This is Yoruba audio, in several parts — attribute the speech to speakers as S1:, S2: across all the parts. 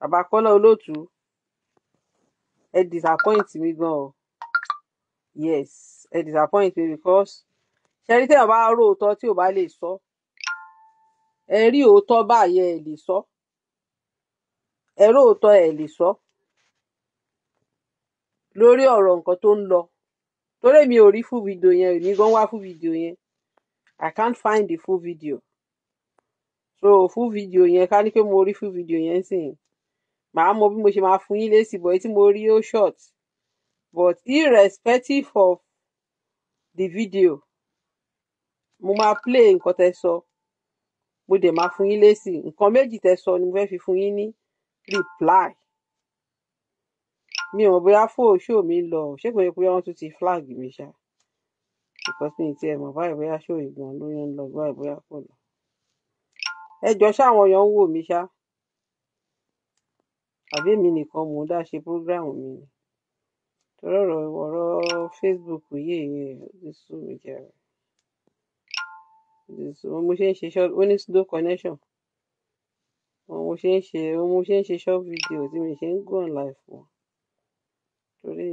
S1: bàbá Kọ́lá Olóòtú ẹ disappoint mi gan o yes ẹ disappoint mi because ṣẹ́rí tẹ́yàn bá rò òótọ́ tí ò bá lè sọ ẹ rí òótọ́ báyẹn ẹ lè sọ
S2: ẹ rò òótọ́ ẹ lè sọ lórí
S1: ọ̀rọ̀ nǹkan tó ń lọ torí mi ò rí full video yẹn èmi gan wá full video yẹn I can't find the full video so full video yẹn ká ní pé mo rí full video yẹn sìn màá mọ bí mo ṣe máa fún yín lésì bọ̀ tí mo rí ó short but irrespective of the video mo máa play nǹkan tẹ́ sọ mo dẹ̀ máa fún yín lésì nǹkan méjì tẹ́ sọ ni mo fẹ́ fi fún yín ní reply mi ò mọ̀ bóyá fóò ṣó mi ń lọ ṣé kò yẹ pé wọ́n tún ti flag mi ṣá because mi ti ẹ̀ mọ̀ báyìí bóyá ṣó ìgbọ̀n ló ń lọ báyìí bóyá kò lọ ẹ jọ ṣáwọn èèyàn ń wò mí ṣá àbí èmi nìkan mò ń dá ṣe prógráàmù mi ni torí ọ̀rọ̀ Facebook yìí ó ti sú mi jàre mo ṣe ń ṣe short ó ní slow connection mo ṣe ń ṣe mo ṣe ń ṣe short video tí mi ṣe ń go on live wọn torí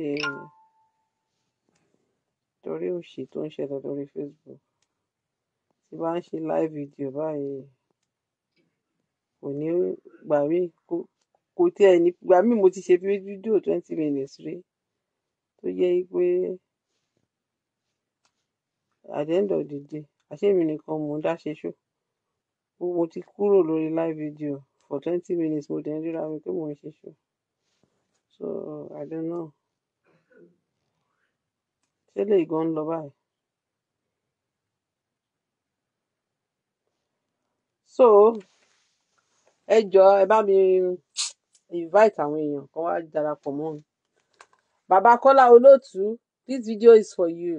S1: torí òṣì tó ń ṣẹlẹ̀ lórí Facebook tí bá ń ṣe live video báyìí kò ní gbà mí kó kò tí ẹ ní ìgbà míì mo ti ṣe fídíò twenty minutes rí tó jẹ́ pé at the end of the day àṣẹ́mi nìkan mò ń dá ṣe ṣó mo ti kúrò lórí live video for twenty minutes mo dẹ̀ ń ríra mi pé mò ń ṣe ṣó so I don't know ṣé lè gan ń lọ báyìí. so ẹ jọ ẹ bá mi invite àwọn èèyàn kan wá darapọ̀ mọ́ mi. Bàbá Kọ́lá Olóòtú, this video is for you.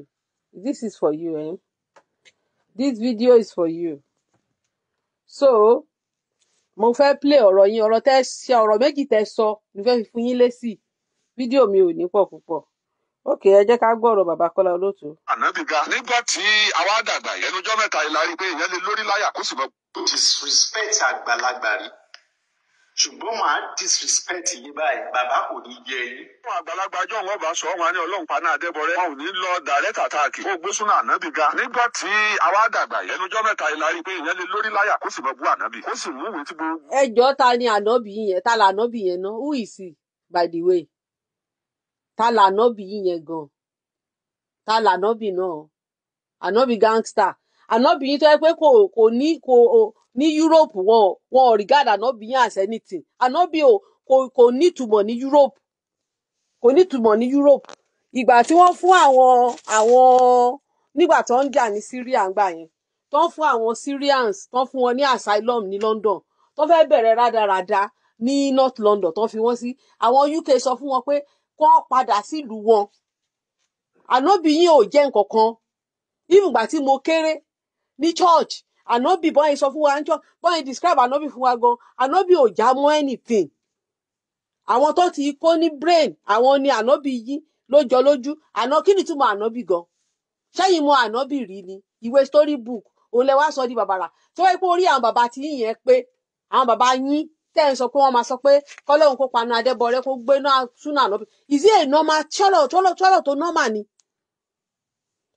S1: This is for you. Eh?
S2: This video is for you. So, mo fẹ́ play ọ̀rọ̀ yín ọ̀rọ̀ tẹ́ ṣe ọ̀rọ̀ méjì tẹ́ sọ mo fẹ́ fi fún yín lésì fídíò mi ò ní pọ̀ púpọ̀
S1: ókè ẹ jẹ́ ká gbọ́ ọ̀rọ̀ bàbá Kọ́lá Olóòtú. ànábì ga nígbà tí àwa dàgbà yìí ẹnujọ́
S2: mẹ́ta ìlà rí i pé ìyẹn lè lórí láyà kó sì mọ. disrespect àgbàlagbà rí ṣùgbọ́n màá disrespect yín báyìí bàbá kò ní yẹ yín. àwọn àgbàlagbà jọ wọn sọ ní ọlọ́run paná adébọrẹ wọn ò ní lọ direct attack ó gbé súnà ànábì ga. nígbà tí àwa dàgbà yẹn mẹ́ta yìí rí i pé ìyẹn lórí láyà sì mọ bú ànábì kó sì mú ìwé tí gbogbo. ẹjọ ta ni ànábì yẹn ta la ànábì yẹn ná who is by the way ta la ànábì yẹn gan ta náà ànábì gangster ànábì ní Europe wọn ò wọn ò regard ànábì yẹn as anything ànábì ò kò kò nítumọ̀ ní Europe kò nítumọ̀ ní Europe ìgbà tí wọ́n fún àwọn àwọn nígbà tó ń jà ní Syria ń gbà yẹn tó ń fún àwọn Syrians tó ń fún wọn ní asylum ní London tó fẹ́ bẹ̀rẹ̀ rádaràda ní North London tó fi wọ́n sí àwọn UK sọ fún wọn pé kó padà sílùú wọn ànábì yìí ò jẹ́ nǹkan kan ìgbà tí mo kéré ní church ànábì bọ́yìn sọ fún wa ńjọ́ bọ́yìn describe ànábì fún wa gan ànábì ò já mọ́ anything àwọn tó ti kó ní brain àwọn ni ànábì yí lójọ lójú àná kí ni túmọ̀ ànábì gan ṣẹ́yìn mọ ànábì rí ni ìwé story book òun lẹ wá sọ di bàbàrà tí wọ́n pé orí àwọn bàbá ti yín yẹn pé àwọn bàbá yín tẹ́ ẹ̀ ń sọ pé wọ́n máa sọ pé kọ́lọ́hún kó panu adébọ̀rẹ́ kó gbé náà súnà ànábì is it a normal tọ́lọ̀ tọ́lọ̀ tọ́lọ̀ tó normal ni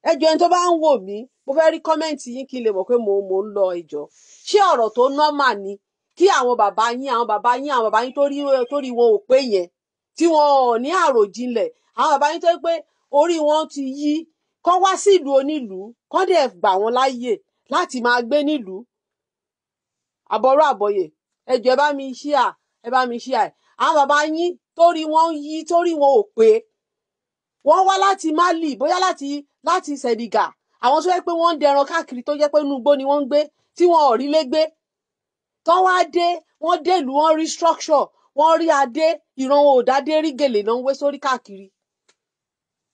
S2: ẹjọ́ ẹni tó bá ń wò mí mo fẹ́ rí kọ́mẹ́ǹtì yín kí n lè mọ̀ pé mo mo ń lọ ìjọ ṣé ọ̀rọ̀ tó nọ́mà ni kí àwọn bàbá yín àwọn bàbá yín àwọn bàbá yín tó rí wọn ò pé yẹn tí wọn ò ní àròjinlẹ̀ àwọn bàbá yín tó pé orí wọn ti yí kán wá sí ìlú onílùú kán dẹ̀ gbà wọ́n láàyè láti máa gbé nílùú àbọ̀rọ̀ àbọ̀yè ẹjọ́ ẹ bá mi ṣí à ẹ bá mi ṣí à àwọn bàbá yín torí wọn yí torí wọn ò pé wọ́n wá láti Mali bóyá láti láti Senegal àwọn tó yẹ pé wọ́n ń dẹran káàkiri tó yẹ pé inú igbó ni wọ́n ń gbé tí wọ́n ò rí lé gbé tán wá dé wọ́n dé ìlú wọ́n rí structure wọ́n rí adé ìran wọn ò dádé rí gèlè náà ń wé sórí káàkiri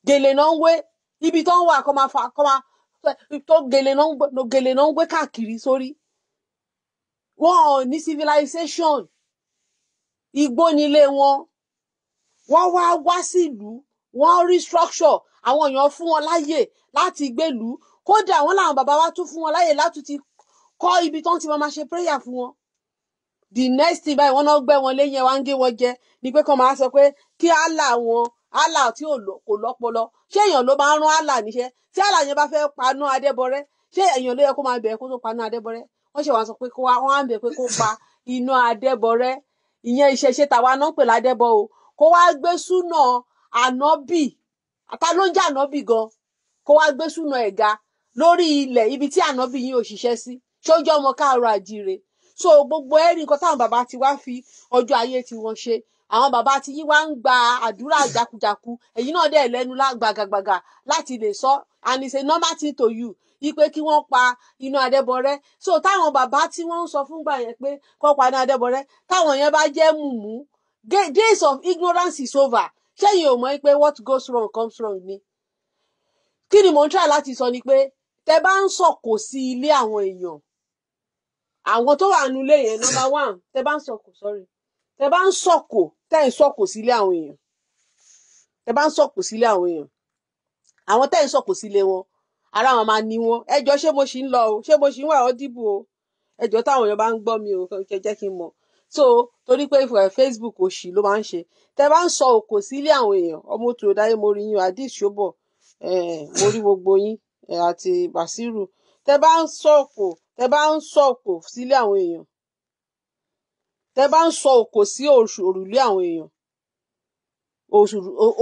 S2: gèlè náà ń wé ibi tó ń wà kọ́ máa fà kọ́ máa tó gèlè náà ń wé káàkiri sórí wọn ò ní civilization igbó nílé wọn wọ́n wá wá sílùú wọ́n rí structure àwọn èèyàn fún wọn láyè láti gbèlú kódà àwọn làwọn bàbá wa tún fún wọn láyè láti ti kọ́ ibi tó ń ti máa ṣe prayer fún wọn the next thing báyìí wọn náà gbẹ wọn léyìn wá ń gé wọn jẹ ni pé kàn máa sọ pé kí Allah wọn Allah tí kò lọ́pọlọ ṣé èèyàn ló máa ń rán Allah níṣẹ́ tí Allah yẹn bá fẹ́ paná adébọrẹ́ ṣé èèyàn ló yẹ kó máa bẹ̀ kó tó paná adébọrẹ́ wọ́n ṣe wá sọ pé kó wá wọ́n á bẹ̀ pé kó pa iná adébọrẹ́ ìyẹn ìṣẹ̀ṣe tàwa náà pè ládẹ́bọ o kó wá gbé súnà ànábì ata ló ń jẹ́ ànábì gan kó wá gbé súnà ẹ̀ ga lórí ilẹ̀ ibi tí ànábì yìí ò ṣiṣẹ́ sí ṣójú ọmọ káàárọ̀ àjíire so gbogbo ẹ̀rí nǹkan táwọn bàbá ti wá fi ọjọ́ ayé ti wọn ṣe àwọn bàbá ti yí wá ń gba àdúrà jakujaku èyí náà dẹ̀ lẹ́nu gbàgàgbàgà láti lè sọ and it's a normal thing to you ipe kí wọ́n pa iná adẹ́bọrẹ́ so táwọn bàbá tí wọ́n ń sọ fúngbà yẹn pé kọ́ pa iná adẹ́bọrẹ́ táwọn yẹn bá jẹ́ mùmú days of ignorance is over ṣẹ́yìn ò mọ̀ pé what goes wrong comes wrong ni kí ni mò ń try láti sọ ni pé tẹ bá ń sọ̀kò sí ilé àwọn èèyàn àwọn tó wà nínú yẹn number one tẹ bá ń sọ̀kò sorry tẹ bá ń sọ̀kò tẹ ń sọ̀kò sí ilé àwọn èèyàn tẹ bá ń sọ̀kò sí ilé àwọn èèyàn àwọn tẹ ń sọ̀kò sí ilé wọn ara wọn máa ní wọn ẹjọ́ ṣé mo ṣì ń lọ o ṣé mo ṣì ń wà ọ dìbò o ẹjọ́ táwọn èèyàn bá ń gbọ́ mi o kẹjẹ kí n mọ̀ so torí pé Facebook òṣì ló máa ń ṣe tẹ bá ń sọ òkò sílé àwọn èèyàn ọmọ òtò dáyé mo rí yín adis ṣóbọ mo rí gbogbo yín àti Basiru tẹ bá ń sọ òkò tẹ bá ń sọ òkò sílé àwọn èèyàn tẹ bá ń sọ òkò sí òrùlé àwọn èèyàn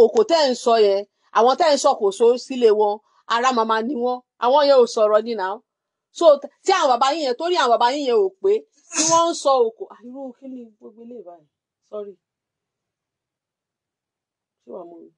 S2: òkò tẹ ń sọ yẹn àwọn tẹ ń sọ kò so sílé wọn ara màmá ni wọn àwọn yẹn ò sọ̀rọ̀ nínà so tí àwọn bàbá yín yẹn torí àwọn bàbá yín yẹn ò pé tí wọ́n ń sọ òkò ah, irú kí ni gbogbo
S1: ilé ìbáyìí sọ́rí ṣé wàá mọ̀ mi.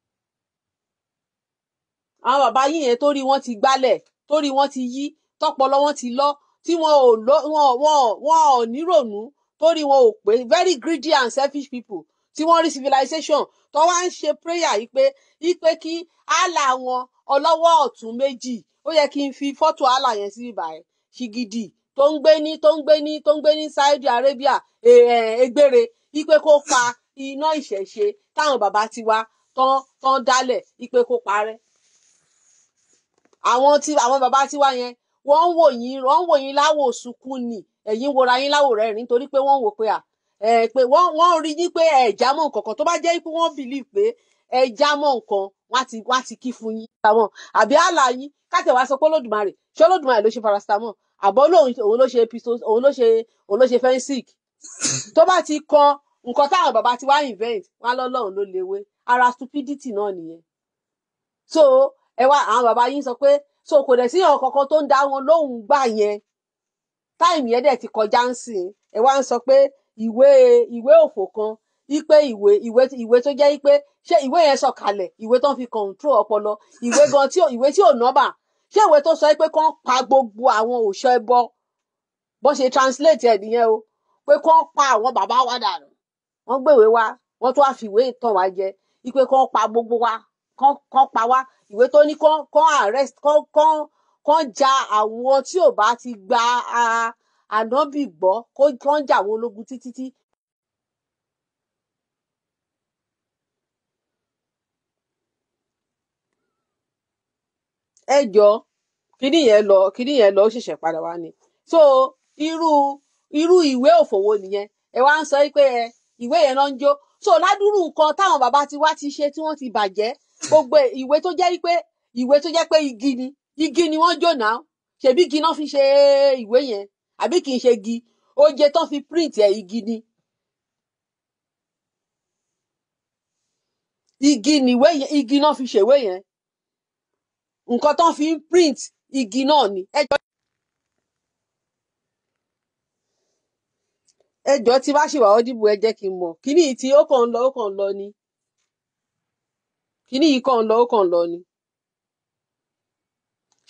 S2: àwọn bàbá yìí yẹn torí wọ́n ti gbálẹ̀ torí wọ́n ti yí tọ́pọlọ wọ́n ti lọ tí wọn ò lọ wọn wọn wọn ò níròònú torí wọn ò pé very greedy and selfish people tí wọ́n rí civilization tó wá ń ṣe prayer yìí pé yìí pé kí Allah wọn ọlọ́wọ́ ọ̀tún méjì ó yẹ kí n fi fọ́tò Allah yẹn sí ibà ẹ̀ ṣìgìdì tó ń gbé ní tó ń gbé ní tó ń gbé ní Saudi Arabia e, e, egbére ipe kó pa iná ìṣẹ̀ṣe táwọn bàbá ti wá tán tán dálẹ̀ ipe kó parẹ́. àwọn tí àwọn bàbá ti wá yẹn wọ́n ń wò yín wọ́n ń wò yín láwò sunkún ni ẹ̀yin wòra yín láwò rẹ̀ rìn torí pé wọ́n ń wò pé à pé wọ́n wọ́n rí yín pé ẹ̀já mọ̀ nǹkan kan tó bá jẹ́ pé wọ́n bìlì pé ẹ̀já mọ̀ nǹkan wọ́n ti wọ́n ti kí fún yín. àbí àlàyé kátẹ̀wá sọ pé Olódùmarè ṣé Olódùmarè ló ṣe paracetamol àbọ̀ lòun òun ló ṣe òun ló ṣe òun ló ṣe fẹ́ńsìk tó bá ti kọ nǹkan táwọn bàbá ti wá invent wọn lọ́lọ́run ló léwé ara stupidity náà nìyẹn so ẹ wá àwọn bàbá yín sọ pé so kò dẹ̀ sí ọ̀rọ̀ kankan tó ń dá wọn lóhùn gbà yẹn táìmù yẹn dẹ̀ ti kọjá ń sìn ẹ wá ń sọ pé ìwé ìwé òfò kan ipe ìwé ìwé ìwé tó jẹ́ ipe ṣé ìwé yẹn sọ̀kalẹ̀ ìwé tó ń fi control ọpọlọ ìwé gan tí ìwé tí ò nọ́bà ṣé ìwé tó sọ pé kán pa gbogbo àwọn òòṣà ẹbọ bó ṣe translate ẹ̀ nìyẹn o pé kán pa àwọn bàbá wa dànù wọ́n gbèwé wa wọ́n tún wá fìwé ìtàn wa jẹ ipe kán pa gbogbo wa kán kán pa wá ìwé tó ní kán kán arrest kán kán kán ja àwọn tí ò bá ti gba ànábì gbọ́ kán ja àwọn ológun títí tí ẹ jọ kíní yẹn lọ kíní yẹn lọ ó ṣẹ̀ṣẹ̀ padà wá ni so irú irú ìwé òfòwò nìyẹn ẹ wá ń sọ pé ẹ ìwé yẹn náà ń jó so ládùúrú nǹkan táwọn bàbá ti wá ti ṣe tí wọ́n ti bàjẹ́ gbogbo ìwé tó jẹ́ pé ìwé tó jẹ́ pé igi ni igi ni wọ́n jò náà ṣèbí igi náà fi ṣe ìwé yẹn àbí kì í ṣe igi oje tán fi print ẹ̀ igi ni igi nìwé yẹn igi náà fi ṣèwé yẹn nǹkan tó ń fi print igi náà ni ẹ jọ̀ọ́ tí bá ṣe wà ọdíbò ẹ jẹ́ kí n mọ̀ kíní tí ó kàn ń lọ ó kàn ń lọ ni kíní yìí kàn ń lọ ó kàn ń lọ ni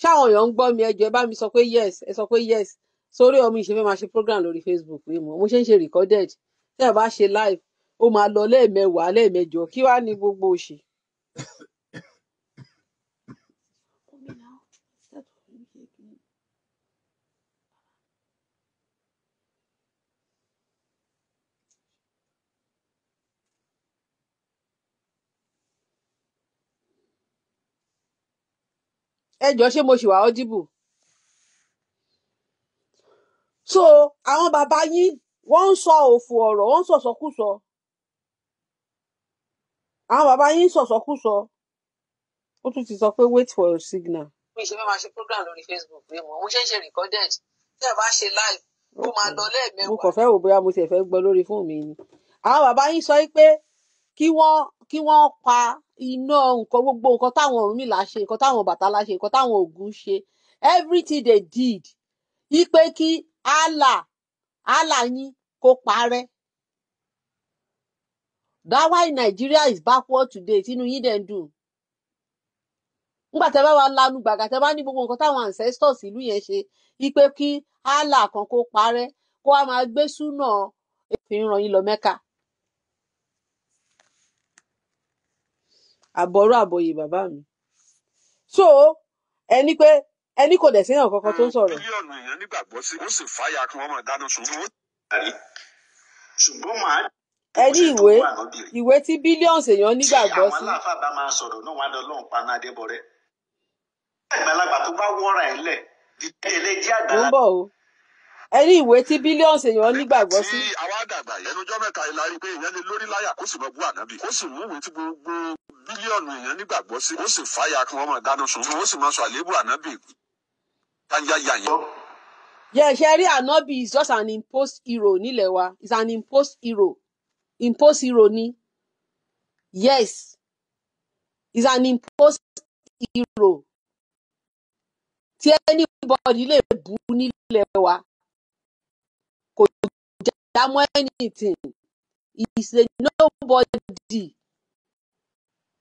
S2: ṣáwọn èèyàn ń gbọ́ mi ẹ ẹ bá mi sọ pé yes ẹ sọ pé yes sórí ọmọ ìṣẹ́fẹ́ máa ṣe program lórí Facebook yìí mọ̀ mo ṣe ń ṣe recorded tí ẹ bá ṣe live ó máa lọ lẹ́ẹ̀mẹwàá lẹ́ẹ̀mẹjọ kí wàá ní gbogbo òṣì ẹ jọ ṣé mo ṣì wà audible so àwọn bàbá yín wọ́n ń sọ òfò ọ̀rọ̀ wọ́n ń sọ̀sọ̀kúsọ àwọn bàbá yín ń sọ̀sọ̀kúsọ
S1: ó tún ti sọ pé wait for your signal.
S2: mi ṣe fẹ́ máa ṣe program lórí Facebook mi mo mo ṣe ń ṣe recorded tí ẹ bá ṣe live ó máa lọ lẹ́ẹ̀mẹ́wàá. mo kàn
S1: fẹ́ wò bóyá mo tiẹ̀ fẹ́ gbọ́ lórí fóònù mi ni
S2: àwọn bàbá yín sọ pé kí wọ́n kí wọ́n pa iná nǹkan gbogbo nǹkan táwọn Ọ̀rúnmìlà ṣe nǹkan táwọn Ọbàtálá ṣe nǹkan táwọn Ògún ṣe everything they did wípé kí Allah Allah yín kó parẹ́ that why Nigeria is backward today tínú yín dẹ̀ ń dùn nígbà tẹ́ bá wà lanu gbàgà tẹ́ bá ní gbogbo nǹkan táwọn ancestors ìlú yẹn ṣe wípé kí Allah kan kó parẹ́ kó wá máa gbé súnà èéfín ràn yín lọ Mẹ́kà. àbọrú àbọyè bàbá mi so ẹni pé ẹni kò dẹ̀ séèyàn kankan tó ń sọ̀rọ̀. mílíọ̀nù èèyàn nígbàgbọ́ sí ó sì fàyà kí wọ́n máa dáná ṣùgbọ́n ó tẹ̀lé ṣùgbọ́n màá. ẹ ìwé ìwé tí bílíọ̀nù èèyàn nígbàgbọ́ sí. tí àwọn aláàfáà bá máa sọ̀rọ̀ náà wàá lọ́ọ́ pa náà débọ̀rẹ́. àgbàlagbà bá wọ́ra ẹ̀ lẹ̀ ẹni ìwé tí bílíọ̀nù èèyàn nígbàgbọ́ sí. tí àwa dàgbà ẹnujọ́ mẹ́ta ìlà rí pé èèyàn lè lórí láyà kó sì mọ bú ànábì kó sì mú ìwé tí gbogbo bílíọ̀nù èèyàn nígbàgbọ́ sí kó sì fàyà kí wọ́n máa dáná sun kí sì máa sọ àlébù ànábì yányáyá yẹn. yẹ rí ànábì is just an imposed hero nílẹ̀ wa is an imposed hero imposed hero ni yes is an imposed hero tí anybody lè bú nílẹ̀ wa kò já mọ́ anything. He's a nobody.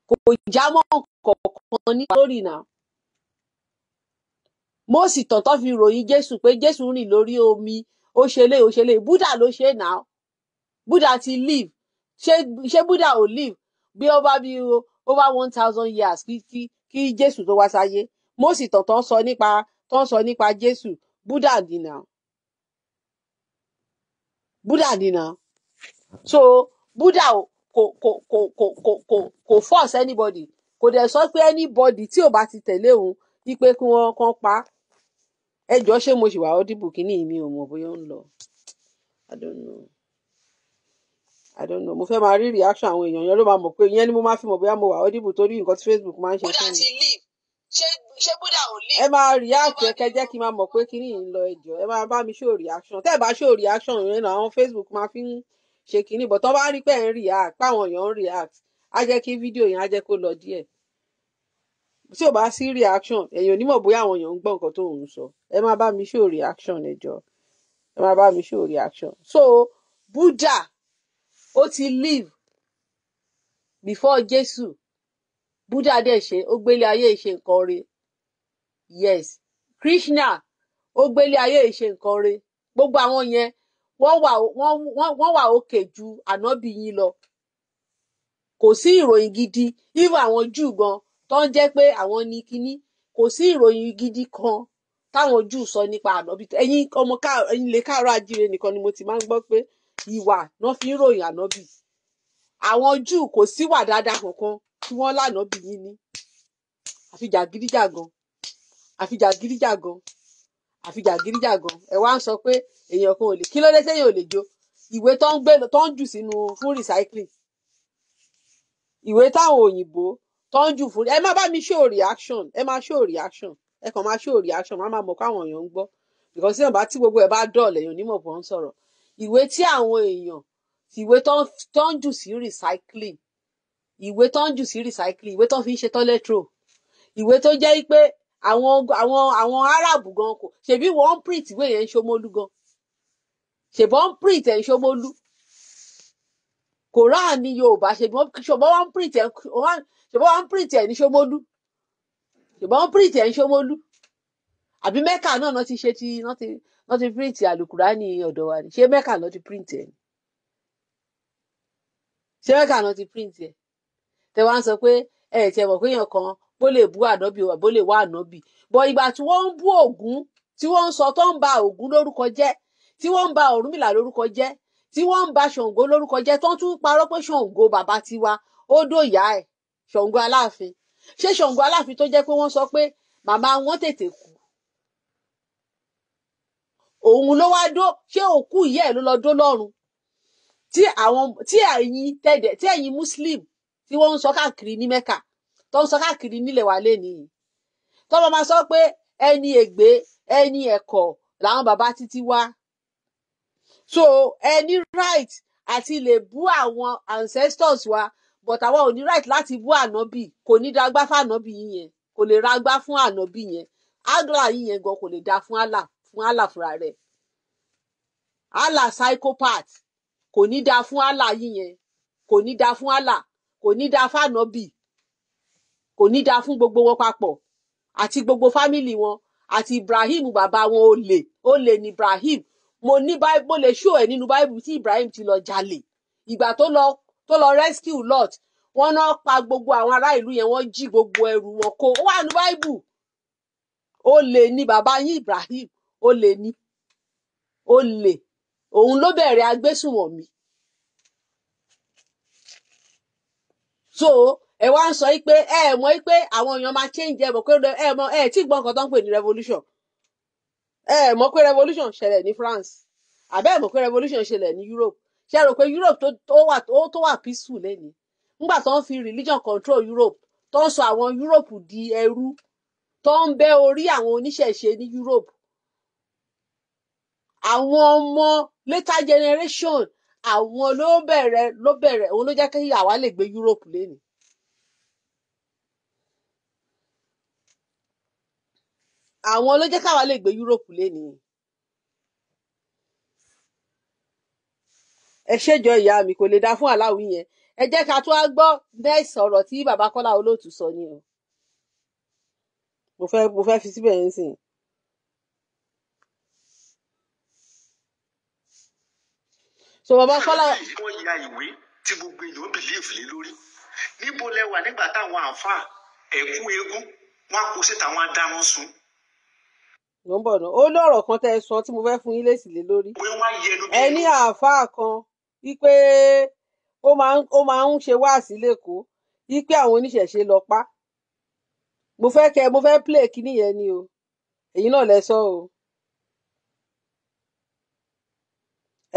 S2: Kò já mọ́ kankan ní lórí náà. Mósì tọ̀tọ̀ fi ròyìn Jésù pé Jésù rìn lórí omi, ó ṣe lé, ó ṣe lé. Buddha ló ṣe náà. Buddha ti live. Ṣé ṣé Búdà ò live? Bí ó bá bí over one thousand years kí kí kí Jésù tó wá sáyé. Mósì tọ̀tọ̀ sọ nípa tó ń sọ nípa Jésù. Búdà dì náà. Buddha ni now. So Buddha kò kò kò kò kò kò kò force anybody kò dẹ̀ sọ pé anybody tí ò bá ti tẹ̀lé òun wípé kí wọ́n kàn pa Ẹ jọ̀ọ́ ṣé mo ṣì
S1: wà audible kí ni mi ò mọ̀ bóyá ń lọ. I don't know. I don't know. Mo fẹ́ máa rí reaction àwọn èèyàn yẹn ló máa mọ̀ pé ìyẹn ni mo máa fi mọ̀ bóyá mo wà audible torí nǹkan tí Facebook máa ń ṣe fún mi. Bùdà ti leave ṣé ṣé búdà ò lè. ẹ máa react ẹ kẹjẹ kí n máa mọ̀ pé kíní yìí ń
S2: lọ ẹjọ́ ẹ máa bá mi show reaction tẹ́ bá show reaction yẹn náà àwọn Facebook máa fi ń ṣe kíní bọ̀ tán bá rí pé ẹ̀ ń react páwọn èèyàn ń react á jẹ́ kí fídíò yẹn á jẹ́ kó lọ díẹ̀ tí ò bá sí reaction èèyàn onímọ̀ bóyá àwọn èèyàn ń gbọ́ nǹkan tó ń sọ ẹ máa bá mi show reaction ẹjọ́ ẹ máa bá mi show reaction so Buddha ó ti live before Jésù buddha dẹ̀ ṣe ó gbélé ayé ṣe nǹkan re yes krishna ó gbélé ayé ṣe nǹkan re gbogbo àwọn yẹn wọ́n wà wọ́n wà òkè ju ànábì yín lọ kò sí ìròyìn gidi irú àwọn júù gan tó ń jẹ́ pé àwọn ní kínní kò sí ìròyìn gidi kan táwọn júù sọ nípa ànábì ẹ̀yin ọmọ ẹ̀yin lè káàárọ̀ ajíire nìkan ni mo ti máa ń gbọ́ pé ìwà náà fi ń ròyìn ànábì àwọn júù kò síwà dáadáa kankan tí wọ́n lànà bì yín ni àfi jàgídíjàgan àfi jàgídíjàgan àfi jàgídíjàgan ẹ wá ń sọ pé èèyàn kan ò lè kí ló dé téèyàn ò lè jó ìwé tó ń gbé tó ń jù sínú fún recycling ìwé táwọn òyìnbó tó ń jù fún ẹ má bá mi show reaction ẹ má show reaction ẹ kàn má show reaction má má mọ̀ káwọn èèyàn ń gbọ́ because ìyànbá tí gbogbo ẹ bá dọ̀ọ̀lẹ̀ èèyàn onímọ̀ bọ̀ ń sọ̀rọ̀ ìwé tí àwọn èèyàn ìwé tó ń jù sí recycling ìwé tó ń jù sí recycling ìwé tó fi ń ṣe toiletro ìwé tó jẹ́ pé àwọn àwọn àwọn arab gan kò ṣèbí wọ́n print ìwé yẹn ń ṣomólú gan ṣèbọn print ẹ̀ ń ṣomólú koran ní yorùbá ṣèbọn ṣòbọn wọ́n print ẹ̀ ṣòbọn wọ́n print ẹ̀ ní ṣomólú ṣòbọn print ẹ̀ ń ṣomólú àbí mẹ́kà náà náà ti ṣe ti náà ti náà ti print àlùkùrá ní ọ̀dọ̀ wa ni ṣé mẹ́kà náà ti print ẹ̀ ṣé mẹ́kà náà ti print ẹ̀ tẹ wá ń sọ pé ẹ tiẹ̀ mọ̀ pé èèyàn kan bó lè bú ànábì wà bó lè wá ànábì bọ̀ ìgbà tí wọ́n ń bú ògún tí wọ́n ń sọ tó ń ba ògún lórúkọ jẹ́ tí wọ́n ń ba ọ̀rúnmìlà lórúkọ jẹ́ tí wọ́n ń ba ṣòǹgó lórúkọ jẹ́ tó ń tún parọ́ pé ṣòǹgó bàbá tiwa ó dòyà ẹ̀ ṣòǹgó aláàfin ṣé ṣòǹgó aláàfin tó jẹ́ pé wọ́n sọ pé màmá wọn tètè kú òun ló wá dó ṣé òkú ìyá ẹ̀ ló lọ dó lọ́run tí àwọn tí ẹ̀yin tẹ̀dẹ̀ tí ẹ̀yin muslim tí wọ́n ń sọ káàkiri ní mẹ́kà tó ń sọ káàkiri nílẹ̀ wà lẹ́nìí tó bá máa sọ pé ẹni ègbé ẹni ẹ̀kọ́ làwọn bàbá títí wá so ẹni right àti lè bú àwọn ancestors wa but àwa ò ní right láti bú ànábì kò ní dágbá fún ànábì yìí yẹn kò lè ragbá fún ànábì yẹn àdúrà yìí yẹn gan kò lè dá fún Allah fún Allah fúnra rẹ̀ Allah psychopath kò ní dá fún Allah yìí yẹn kò ní dá fún Allah kò ní dáa fáànọ́bì kò ní dáa fún gbogbo wọn papọ̀ àti gbogbo fámìlì wọn àti Ibrahim bàbá wọn olè olè ní Ibrahim mo ní mo lè ṣó ẹ nínú Bible tí Ibrahim ti lọ jalè ìgbà tó lọ tó lọ rescue Lot wọn náà pa gbogbo àwọn ará ìlú yẹn wọn jí gbogbo ẹrù wọn kó ó wà ní Bible olè ní bàbá yín Ibrahim olè ní olè òun ló bẹ̀rẹ̀ agbésùnwọ̀n mi so ẹ wá ń sọ yìí pé ẹ mọ̀ yìí pé àwọn èèyàn máa change ẹ mọ̀ pé ẹ mọ̀ ẹ tí gbọ́ nǹkan tó ń pè ní revolution ẹ mọ̀ pé revolution ṣẹlẹ̀ ní France àbẹ́ ẹ mọ̀ pé revolution ṣẹlẹ̀ ní Europe ṣe rò pé Europe tó wà tó wà peaceful lẹ́ni nígbà tó ń fi religion control Europe tó ń sọ àwọn Europe di ẹrú tó ń bẹ́ orí àwọn oníṣẹ̀ṣe ní Europe àwọn ọmọ later generation àwọn ló bẹ̀rẹ̀ ló bẹ̀rẹ̀ òun ló jẹ́ kí àwa lè gbé Europe lénìí. àwọn ló jẹ́ káwa lè gbé Europe lénìí. ẹ ṣèjọ ìyá mi kò lè dá fún aláwí yẹn ẹ jẹ́ ká tó á gbọ́ next ọ̀rọ̀ tí bàbá Kọ́lá Olóòtú sọ ni o
S1: mo fẹ́ mo fẹ́ fi síbẹ̀ yẹn sìn.
S2: so bàbá Kọ́lá. ṣé wọ́n ya ìwé tí gbogbo èèyàn bìlíìfù lé lórí níbo lẹ wà nígbà táwọn àǹfààní ẹ̀kú eégún wọn kò síta wọn á dá wọn sun
S1: ló ń bọ̀ náà ó lọ́rọ̀ kan tẹ́
S2: ẹ sọ tí mo fẹ́ fún yín lésì lé lórí ẹ ní àáfàá kan wípé ó máa ń ṣe wáàsí lẹ́kọ̀ọ́ wípé àwọn oníṣẹ̀ṣe lọ pa mo fẹ́ kẹ mo fẹ́ play kíní yẹn ni o èyí náà lẹ sọ o.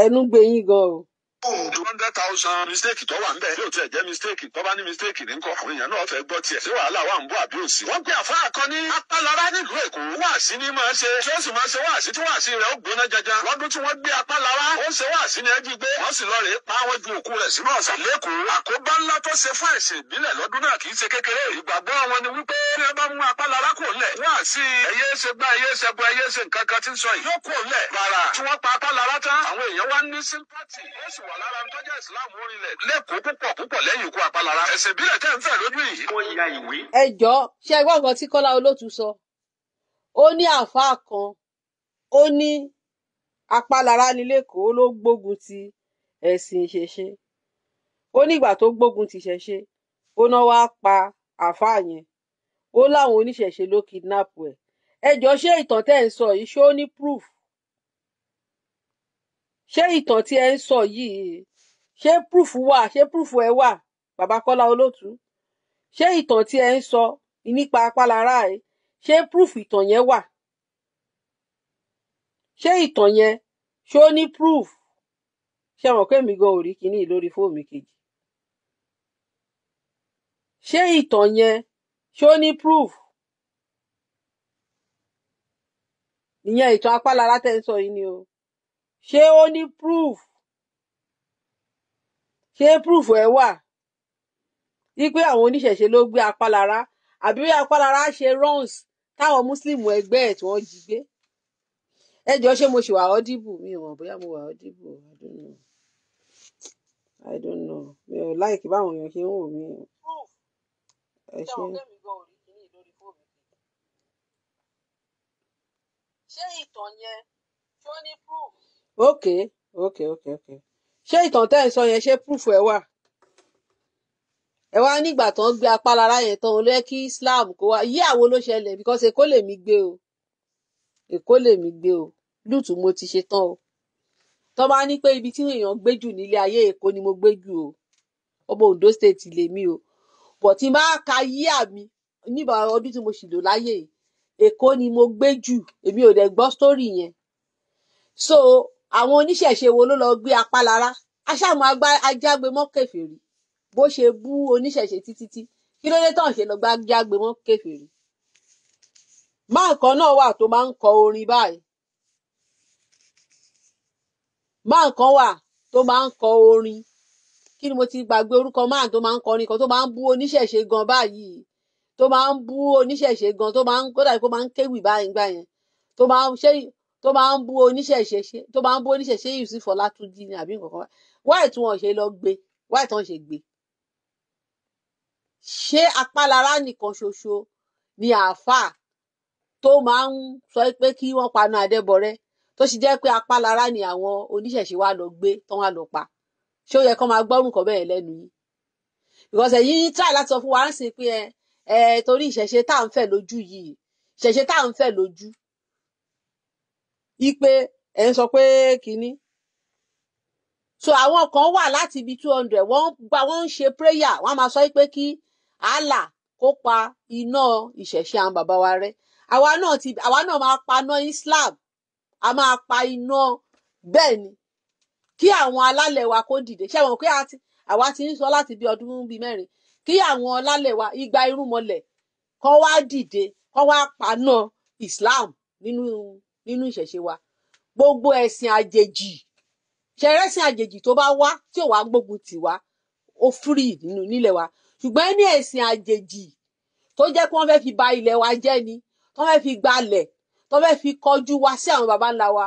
S2: ẹnu gbẹ̀yìn gan o boom do hundred thousand mistake tó wà ń bẹ̀ bí o tiẹ̀ jẹ́ mistake tó bá ní mistake ní kọ́ àwọn èèyàn náà fẹ́ gbọ́ tiẹ̀ ṣé wàhálà wà ń bọ̀ àbí òsì. wọ́n pe àfa akọni apálára nílùú èkó wáàsí ni máa ṣe tí ó sì máa ṣe wáàsí tí wáàsí rẹ̀ ó gbóná jaja lọ́dún tí wọ́n gbé apálára ó ṣe wáàsí ni ẹjí gbé wọ́n sì lọ rè pa àwọn ju òkú rẹ̀ sínú ọ̀sán lẹ́kọ̀ọ́. àkóbá ńlá tó ṣe fún ẹ̀sìn ìbílẹ̀ lọ́dún náà kì í ṣe kékeré ìgbàgbọ́ wọn ni wípé bí ẹ bá mú apálára kò lẹ̀ wáàsí ẹyẹ ṣe gbá ẹyẹ ṣe bọ ẹyẹ ṣe nǹkan kan tí ń sọ yìí yóò kò lẹ̀ rárá tí wọ́n pa apálára tán àwọn èèyàn wá ní sympathy ó sì w wà lára tó jẹ́ ìsìláàmù orílẹ̀ lẹ́kọ̀ọ́ púpọ̀ púpọ̀ lẹ́yìn ikú apalára ẹ̀sìn bílẹ̀ tẹ́ ń fẹ́ lójú yìí. wọ́n ya ìwé. ẹ jọ ṣe ẹgbọn kan tí Kọ́lá Olótù sọ ó ní àáfàá kan ó ní apalára ní lẹ́kọ̀ọ́ ló gbógun ti ẹ̀sìn ìṣẹ̀ṣe ó nígbà tó gbógun ti ìṣẹ̀ṣe ó náà wá pa àáfàá yẹn ó láwọn oníṣẹ̀ṣe ló kidnap ẹ̀ ẹ jọ ṣé ìtàn tẹ́ ń sọ yìí ṣó ní proof ṣé ìtàn tí ẹ ń sọ yìí ṣé proof wà ṣé proof ẹ wà bàbá kọ́lá olótù ṣé ìtàn tí ẹ ń sọ nípa apálára ẹ ṣé proof ìtàn yẹn wà ṣé ìtàn yẹn ṣó ní proof ṣé wọn pé mi gan ò rí kinní lórí fóònù kejì ṣé ìtàn yẹn ṣó ní proof ìyẹn ìtàn apálára tẹ́ ń sọ yìí ni o ṣé ó ní proof ṣé proof ẹ wà wípé àwọn oníṣẹ̀ṣe ló gbé apálára àbí wí apálára ṣe runs táwọn muslim ẹgbẹ́ ẹ̀ tí wọ́n jí gbé ẹ jọ ṣé mo
S1: ṣì wà audible mi ò bóyá mo wà audible I don't know I don't know mi ò láìkí báwọn èèyàn ṣe ń wò mí ẹ ṣe. ṣé
S2: ìtàn yẹn tí ní
S1: proof okay okay okay okay ṣé ìtàn tẹ́ ẹ̀ sọ yẹn ṣé proof
S2: ẹ̀ wà ẹ wá nígbà tó ń gbé apálára yẹn tán ó kí Islam kó wá yí àwo ló ṣẹlẹ̀ because èkó lèmi gbé o èkó lèmi gbé o lùtù mo ti ṣe tán o tó bá ní pé ibi tí èèyàn gbé jù nílé ayé èkó ni mo gbé jù o ọmọ Ondo state lèmi o bọ̀ tí n bá ka yí àmì nígbà ọdún tí mo sì lò láyè èkó ni mo gbé jù èmi ò dẹ̀ gbọ́ story yẹn so àwọn oníṣẹ̀ṣe wo ló lọ gbé apá lára aṣáàmù ajágbe mọ́ kèfèrí bó ṣe bú oníṣẹ̀ṣe títí kí ló dé tán ṣe lọ gbá jágbe mọ́ kèfèrí máa kan náà wà tó máa ń kọ orin báyìí máa kan wà tó máa ń kọ orin kí ni mo ti gbàgbé orúkọ máa tó máa ń kọ orin kan tó máa ń bú oníṣẹ̀ṣe gan báyìí tó máa ń bú oníṣẹ̀ṣe gan tó máa ń kódà kó máa ń kéwì báyìí gbà yẹn tó máa ń ṣe tó bá ń bú oníṣẹ̀ṣẹ̀ṣe tó bá ń bú oníṣẹ̀ṣe yìí sí Fọlátúnjí ni àbí nǹkan kan wáì tí wọ́n ṣe lọ gbé wáì tí wọ́n ṣe gbé ṣé apálára nìkan ṣoṣo ni àáfàá tó máa ń sọ pé kí wọ́n panu Adébọrẹ́ tó sì jẹ́ pé apálára ni àwọn oníṣẹ̀ṣe wa lọ gbé tán wá lọ pa ṣé ó yẹ kán máa gbọ́rùn kan bẹ́ẹ̀ lẹ́nu yìí because ẹ̀yin try láti sọ fún wa ń sìn pé ẹ torí ìṣẹ̀ṣe tá à ń fẹ́ lójú yìí ìṣẹ̀ṣe tá à ń fẹ́ lójú ipe ẹ̀ ń sọ pé kínní so àwọn kan wà láti ibi two hundred wọ́n gba wọ́n ń ṣe prayer wọ́n á máa sọ pé kí Allah kó pa iná ìṣẹ̀ṣe àwọn bàbá wa rẹ́ àwa náà ti àwa náà máa paná Islam a máa pa iná bẹ́ẹ̀ ni kí àwọn alálẹ̀ wa kó dìde ṣé wọn pé àwa ti ń sọ láti bí ọdún bíi mẹ́rin kí àwọn alálẹ̀ wa igba irúnmọlẹ̀ kó wá dìde kó wá paná Islam nínú nínú ìṣẹ̀ṣe wa gbogbo ẹ̀sìn àjèjì ṣẹrẹ́sìn àjèjì tó bá wá tí ò wá gbógun tì wá ó fúrì nínú nílẹ̀ wa ṣùgbọ́n ẹni ẹ̀sìn àjèjì tó jẹ́ pé wọ́n fẹ́ fi ba ilẹ̀ wa jẹ́ ni wọ́n fẹ́ fi gbalẹ̀ wọ́n fẹ́ fi kọjú wa sí àwọn baba ńlá wa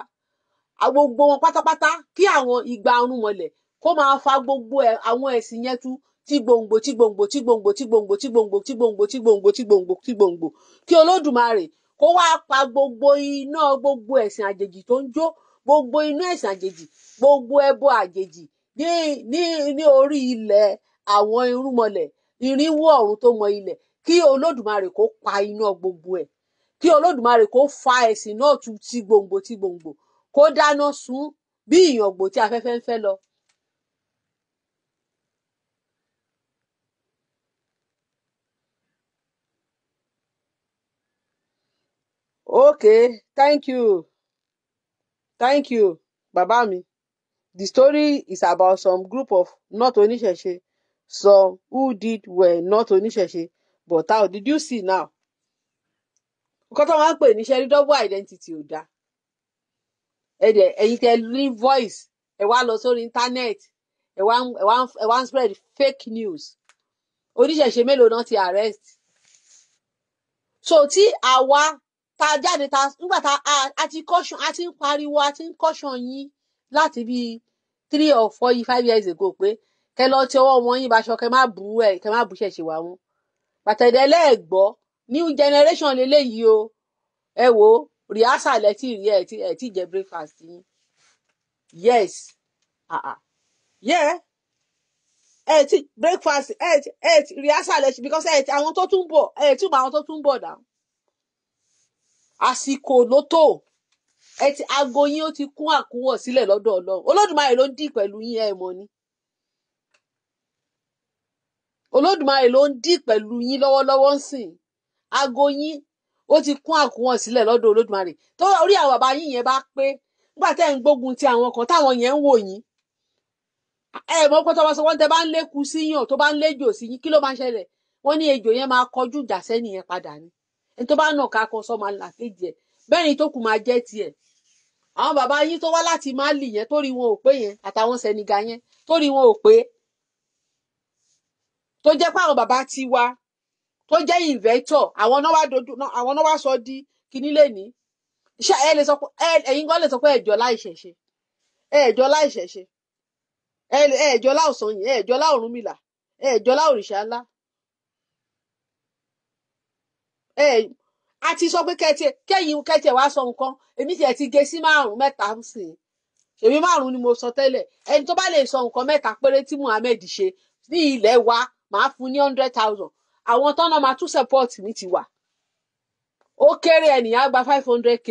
S2: gbogbo wọn pátápátá kí àwọn igba ọrùn mọlẹ̀ kó máa fa gbogbo àwọn ẹ̀sìn yẹn tú tí gbòǹgbò tí gbòǹgbò tí gbòǹgbò tí gbòǹgbò tí gbòǹgbò tí gbòǹgbò tí gbòǹgbò tí gbòǹgbò gbòǹgbò kí olódùmarè kó wá pa gbogbo iná gbogbo ẹ̀sìn àjèjì tó ń jó gbogbo iná ẹ̀sìn àjèjì gbogbo ẹbọ àjèjì ní ní ní orí ilẹ̀ àwọn irúnmọlẹ̀ irínwó ọ̀run tó mọ ilẹ̀ kí olódùmarè kó pa iná gbogbo ẹ̀ kí olódùmarè kó fa ẹ̀sìn náà tu ti gbòǹgbò ti gbòǹgbò kó dáná sun bí ìyàngbò tí afẹ́fẹ́ ń fẹ́ lọ Okay, thank you. Thank you, bàbá mi. The story is about some group of not oníṣẹ̀ṣe, some who did were not oníṣẹ̀ṣe, but how did you see now? Nǹkan tó máa ń pè ní ṣẹ́rí double identity ò dáa. Ẹ̀dẹ̀ ẹ̀yin tẹ ní voice, ẹ̀ wá lọ sórí internet, ẹ̀ wá ń ẹ̀ wá ń wá spread fake news. Oníṣẹ̀ṣe mélòó náà ti arrest? So tí àwa ta jáde ta nígbà tá a ti kọ́ṣán a ti ń pariwo a ti ń kọ́ṣán yín láti bíi three or four yìí five years ago pé kẹ lọ ti ọwọ́ wọn yín baṣọ kẹ má bú ẹ kẹ má bú ṣẹ̀ṣẹ̀ wá wọn bàtẹ̀dẹ̀ ẹlẹ́ẹ̀gbọ́ new generation lélẹ́yìí o ẹ wo rehearsal ẹ ti rí ẹ ti ẹ ti jẹ breakfast yín yes ah ah yeah ẹ ti breakfast ẹ ti ẹ ti rehearsal ẹ ti because ẹ ti àwọn tó tún bọ̀ ẹ tún mọ àwọn tó tún bọ̀ dáhùn àsìkò ló tó ẹ ti aago yín ó ti kún àkúwọ̀ sílẹ̀ lọ́dọ̀ ọlọ́run olódùmarè ló ń dì pẹ̀lú yín ẹ mọ̀ ni olódùmarè ló ń dì pẹ̀lú yín lọ́wọ́lọ́wọ́ ń sìn aago yín ó ti kún àkúwọ̀n sílẹ̀ lọ́dọ̀ olódùmarè tó orí àwọn bàbá yín yẹn bá pé nígbà tẹ́ ń gbógun ti àwọn kan táwọn yẹn ń wò yín ẹ mọ̀ pé tọ́wọ́ sọ wọ́n tẹ bá ń lékun síyàn tó bá ń léjò sí yín kí ló máa ṣẹlẹ̀ wọ́n ní ejò yẹn máa kọjú ìjà sẹ́niyẹn padà ni ẹni tó bá nà ká kan sọ máa là kejì ẹ̀ bẹ́ẹ̀ ni tó kù máa jẹ́ tiẹ̀ àwọn bàbá yín tó wá láti Mali yẹn torí wọn ò pé yẹn àtàwọn Sẹ̀nìgà yẹn torí wọn ò pé tó jẹ́ pé àwọn bàbá ti wa tó jẹ́ inventor àwọn náà wá dojú àwọn náà wá sọ di kíní lẹ́ni ṣá ẹ lè sọ pé ẹ̀yin gan lè sọ pé ẹ̀jọ́ láìṣẹ̀ṣe ẹ̀jọ́ láìṣẹ̀ṣe ẹ̀jọ́ láòsàn yìí ẹ̀jọ́ láòrúnmìlà ẹ̀jọ́ láòrìṣà a ti sọ pé kẹtì kẹyìn kẹtì ẹ wá sọ nǹkan èmi tiẹ̀ ti gé sí márùn mẹ́ta sí i èmi márùn ni mo sọ tẹ́lẹ̀ ẹni tó bá lè sọ nǹkan mẹ́ta péré tí Muhammed ṣe ní ilẹ̀ wa màá fún ní hundred thousand àwọn tọ́nà máa tún support mi ti wà ó kéré ènìyàn gba five hundred k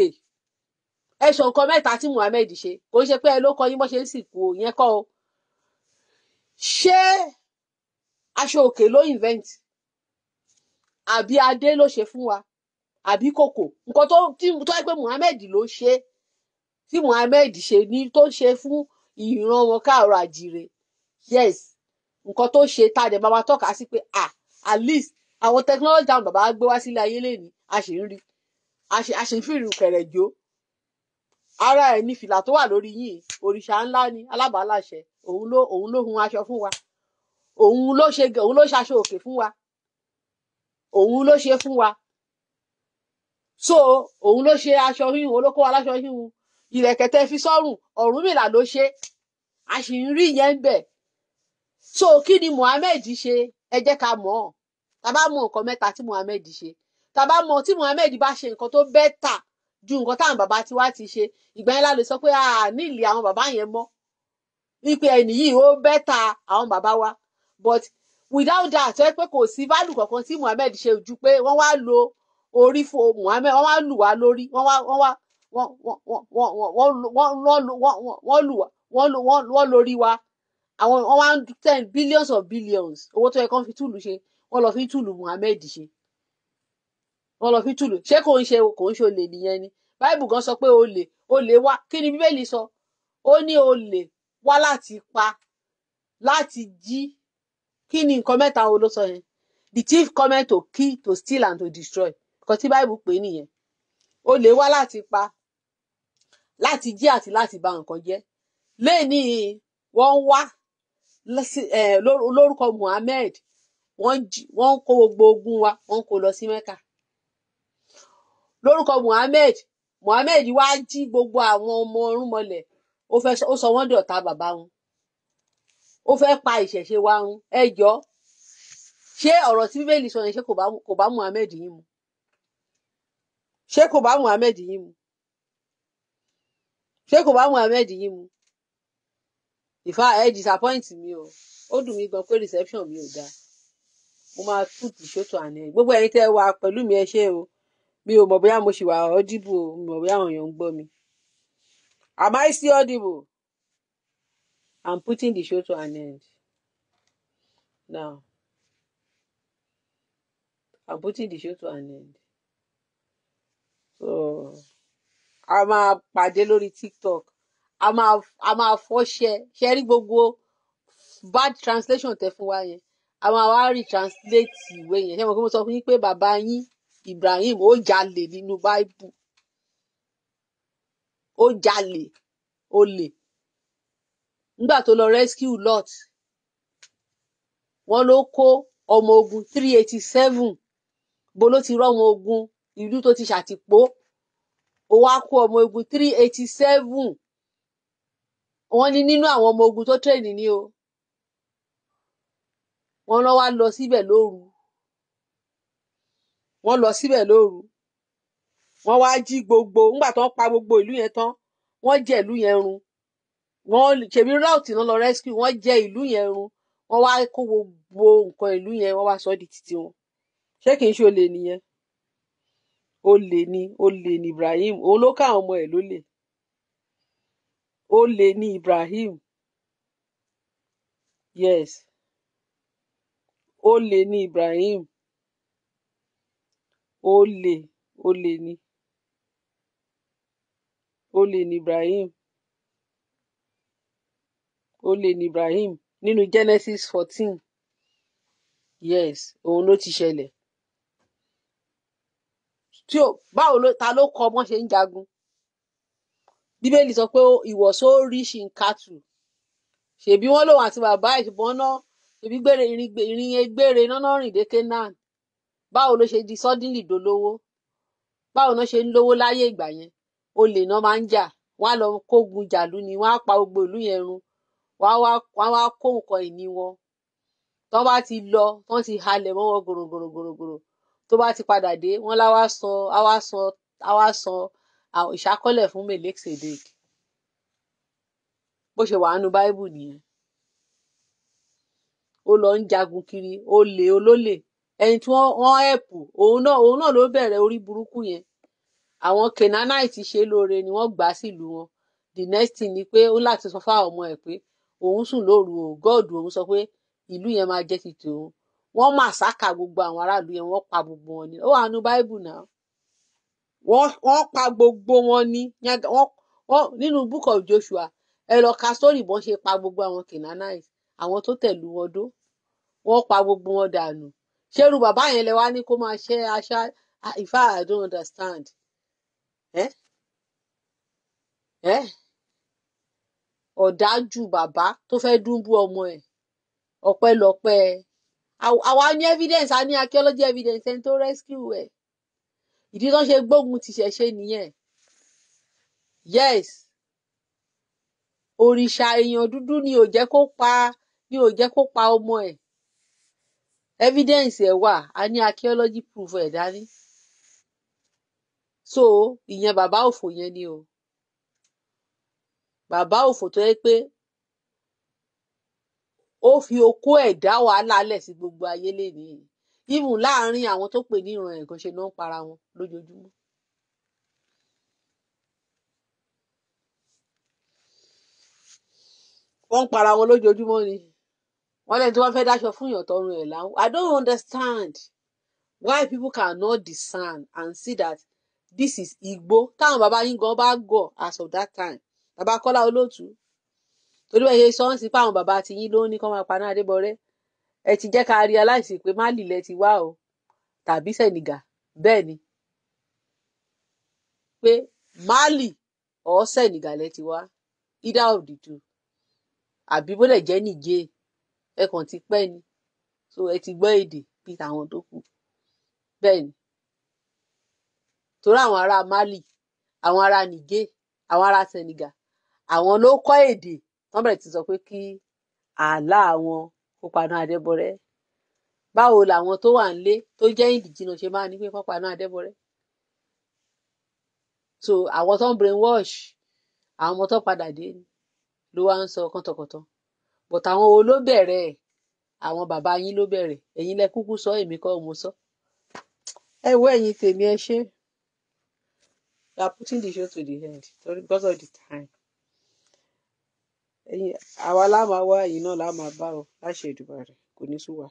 S2: ẹ sọ nǹkan mẹ́ta tí Muhammed ṣe kò ń ṣe pé ẹ ló kọ yín bó ṣe ń sìnkú òyìn ẹ̀kọ́ o ṣé aṣọ òkè ló invent àbí adé ló ṣe fún wa àbí kòkò nǹkan tó tí tó yẹ pé Muhammed ló ṣe tí Muhammed ṣe ní tó ṣe fún ìran wọn káàárọ̀ àjíire yes nǹkan tó ṣe tá a dẹ̀ máa tọ́ka sí pé ah at least àwọn technology àwọn bàbá gbé wá sílé ayé lẹ́ni a ṣe ń rí a ṣe ń fìrù kẹrẹ̀jọ ara ẹ̀ ní fìlà tó wà lórí yìí òrìṣà ńlá ni alábàáláṣẹ òun ló òun ló hun aṣọ fún wa òun ló ṣe òun ló ṣaṣọ òkè fún wa òun ló ṣe fún wa so òun ló ṣe aṣọ híhun olóko aláṣọ híhun ìrẹ̀kẹ̀tẹ̀ fi sọ́rùn Ọ̀rúnmìlà ló ṣe a sì ń rí yẹn ń bẹ̀ so kí ni Muhammed ṣe ẹ jẹ́ ká mọ̀ ọ́ tá bá nǹkan mẹ́ta tí Muhammed ṣe tá bá tí Muhammed bá ṣe nǹkan tó bẹ́tà ju nǹkan táwọn bàbá tiwa ti ṣe ìgbà yẹn la sọ pé a nílì àwọn bàbá yẹn mọ́ wípé ẹnì yìí ó bẹ́tà àwọn bàbá wa but without that ẹ pé kò sí value kankan tí Muhammed ṣe ju pé wọ́n wá lo orí fo Muhammed wọ́n wá lù wá lórí wọ́n wá wọ́n wá wọ́n lù wá wọ́n lórí wa àwọn wọ́n wá ten billions of billions owó tó yẹ kán fi túlù ṣe wọ́n lọ fi túlù Muhammed ṣe wọ́n lọ fi túlù ṣé kò ń ṣe kò ń ṣe olè nìyẹn ni báìbù gan sọ pé olè olè wá kí ni bíbélì sọ ó ní olè wá láti pa láti jí kí ni nǹkan mẹ́ta wo ló sọ yẹn the chief comment to kill to steal and to destroy nǹkan tí báìbù pè é nìyẹn olè wá láti pa láti jí àti láti ba nǹkan jẹ́ lẹ́ẹ̀ni wọ́n wá lórúkọ Muhammed wọ́n kó gbogbo ogun wa wọ́n kó lọ sí Mẹ́kà lórúkọ Muhammed Muhammed wá jí gbogbo àwọn ọmọ ọ̀rúnmọlẹ̀ ó sọ wọ́n di ọ̀tá bàbá wọn ó fẹ́ pa ìṣẹ̀ṣe wa run ẹ jọ ṣé ọ̀rọ̀ tí bíbélì sọ yẹn ṣé kò bá Muhammed yín mu ṣé kò bá Muhammed yín mu ṣé kò bá Muhammed yín mu ìfà ẹ disappoint mi o ó dùn mí gan pé reception mi ò dáa mo máa put ìṣòtò àná ẹ gbogbo ẹ̀yin tẹ́ wà pẹ̀lú mi ẹ ṣé o mi ò mọ̀ bóyá mo ṣì wà audible o mi ò mọ̀ bóyá àwọn èèyàn ń gbọ́ mi am I still audible? I'm putting the show to an end now. I'm putting the show to an end. So, a máa pàdé lórí TikTok. A máa a máa fọ́ṣẹ́ ṣe rí gbogbo bad translation tẹ fún wa yẹn. A máa wá retranslate ìwé yẹn. Ṣé mo kí mo sọ fún yín pé bàbá yín Ibrahim ó jalè nínú Báíbù. Ó jalè olè nígbà tó lọ rescue Lot wọ́n ló kó ọmọ ogun three eighty seven bo ló ti rọ́mọ ogun ìlú tó ti ṣàtìpó ó wá kó ọmọ ogun three eighty seven wọ́n ní nínú àwọn ọmọ ogun tó tẹ̀lé ní o wọ́n lọ wá lọ síbẹ̀ lóru wọ́n lọ síbẹ̀ lóru wọ́n wá jí gbogbo ńgbà tó ń pa gbogbo ìlú yẹn tán wọ́n jẹ ìlú yẹn run wọ́n ṣèbí ráùtì náà lọ rescue wọ́n jẹ ìlú yẹn run wọ́n wá kó gbogbo nǹkan ìlú yẹn wọ́n wá sọ di títí wọn ṣé kìí ṣe olè nìyẹn olè ni olè ni Ibrahim òun ló ká àwọn ọmọ ẹ̀ lólè olè ni Ibrahim yes olè ni Ibrahim olè olè ni olè ni Ibrahim olè ní Ibrahim nínú Genesis fourteen yes òun ló ti ṣẹlẹ̀ tí o báwo ló ta ló kọ́ bọ́n ṣe ń jagun bíbélì sọ pé ìwọ so rich in cattle ṣèbí wọn lòun àti bàbá ẹ̀ ṣùgbọ́n náà ṣèbí gbére ìrìn egbére náà náà rìn dé Canaan báwo ló ṣe di suddenly dolówó báwo náà ṣe ń lówó láyé ìgbà yẹn olè náà máa ń jà wọn á lọ kógun jàlú ni wọn á pa gbogbo ìlú yẹn run wọ́n á wá wọ́n á wá kó nǹkan ìní wọn tó bá ti lọ tó ti halẹ̀ mọ́ wọn gòrògòrògòrò tó bá ti padà dé wọ́n lá wá san á wá san á fún Melek Sedek bó ṣe wà nínú báíbù nìyẹn ó lọ ń jagun kiri olè olólè ẹni tí wọ́n ẹ̀pù òun náà òun náà ló bẹ̀rẹ̀ orí burúkú yẹn àwọn Kenanite ṣe lóore ni wọ́n gbà sílùú wọn the next thing ni pé ó láti sọ fáwọn ọmọ ẹ̀ pé òun sùn lóru o god òun sọ pé ìlú yẹn máa jẹ́ ti tòun wọ́n màsákà gbogbo àwọn aráàlú yẹn wọ́n pa gbogbo wọn ni ó wà nínú báíbù náà wọ́n pa gbogbo wọn ni nínú book of Joshua ẹ lọ ka sórí bọ́n ṣe pa gbogbo àwọn Canaanites àwọn tó tẹ̀lú wọn dó wọ́n pa gbogbo wọn dànù ṣerú bàbá yẹn lẹ wá ní kó máa ṣe aṣá ah, if I don't understand. Eh? Eh? ọ̀dájú bàbá tó fẹ́ dúnbú ọmọ ẹ̀ ọpẹ́lọpẹ́ àwa ní evidence a ní archaeology evidence ẹni tó rescue ẹ̀ ìdí tó ń ṣe gbógun ti ṣẹ̀ṣe nìyẹn yes òrìṣà èèyàn dúdú ni ò jẹ́ kó pa ni ò jẹ́ kó pa ọmọ ẹ̀ evidence ẹ̀ wà a ní archaeology proof ẹ̀ dání so ìyẹn bàbá òfò yẹn ni o bàbá òfò tó jẹ́ pé ó fi okó ẹ̀ dá wàhálà lẹ̀ sí gbogbo ayé lẹ́nu yìí even àwọn tó pè ní ìran ẹ̀gàn náà para wọn lójoojúmọ́. wọ́n para wọn lójoojúmọ́ ni wọ́n lẹ́ni tí wọ́n fẹ́ dáṣọ fún ìyàn tọrùn ẹ̀ láwọn I don't understand why people cannot discern and see that this is Igbo táwọn bàbá yín gan bá gọ̀ as of that time bàbá Kọ́lá Olóòtú torí wọ́n ṣe sọ ń sí pé àwọn bàbá ti yín ló ń ní kó máa paná Adébọ̀rẹ́ ẹ ti jẹ́ ká realize pé Málì lẹ ti wá o tàbí Sẹ̀nìgà bẹ́ẹ̀ ni pé Málì ọ̀ Sẹ̀nìgà lẹ ti wá either of the two àbí bó lè jẹ́ nìjẹ́ ẹ kàn ti pẹ́ ni so ẹ ti gbọ́ èdè bíi tàwọn tó kù bẹ́ẹ̀ ni torí àwọn ará Málì àwọn ará nìjẹ́ àwọn ará Sẹ̀nìgà àwọn ló kọ́ èdè wọ́n bẹ̀rẹ̀ ti sọ pé kí àlá àwọn kó paná adébọrẹ́ báwo làwọn tó wà nílé tó jẹ́ indigenous ṣe máa ní pé kán paná adébọrẹ́ so àwọn tó ń brainwash àwọn ọmọ tó padà dé ló wá ń sọ kọ́ntọ̀kọ̀tàn but àwọn wo ló bẹ̀rẹ̀ ẹ̀ àwọn bàbá yín ló bẹ̀rẹ̀ ẹ̀yin lẹ kúkú sọ èmi kọ́ mo sọ ẹ wo ẹ̀yin tèmi ẹ ṣe
S1: you are putting the show to the end because of the time ẹ̀yin àwa la máa wá ẹ̀yin náà la máa bá ọ láṣẹ Èdùmàrè kò ní sú wa.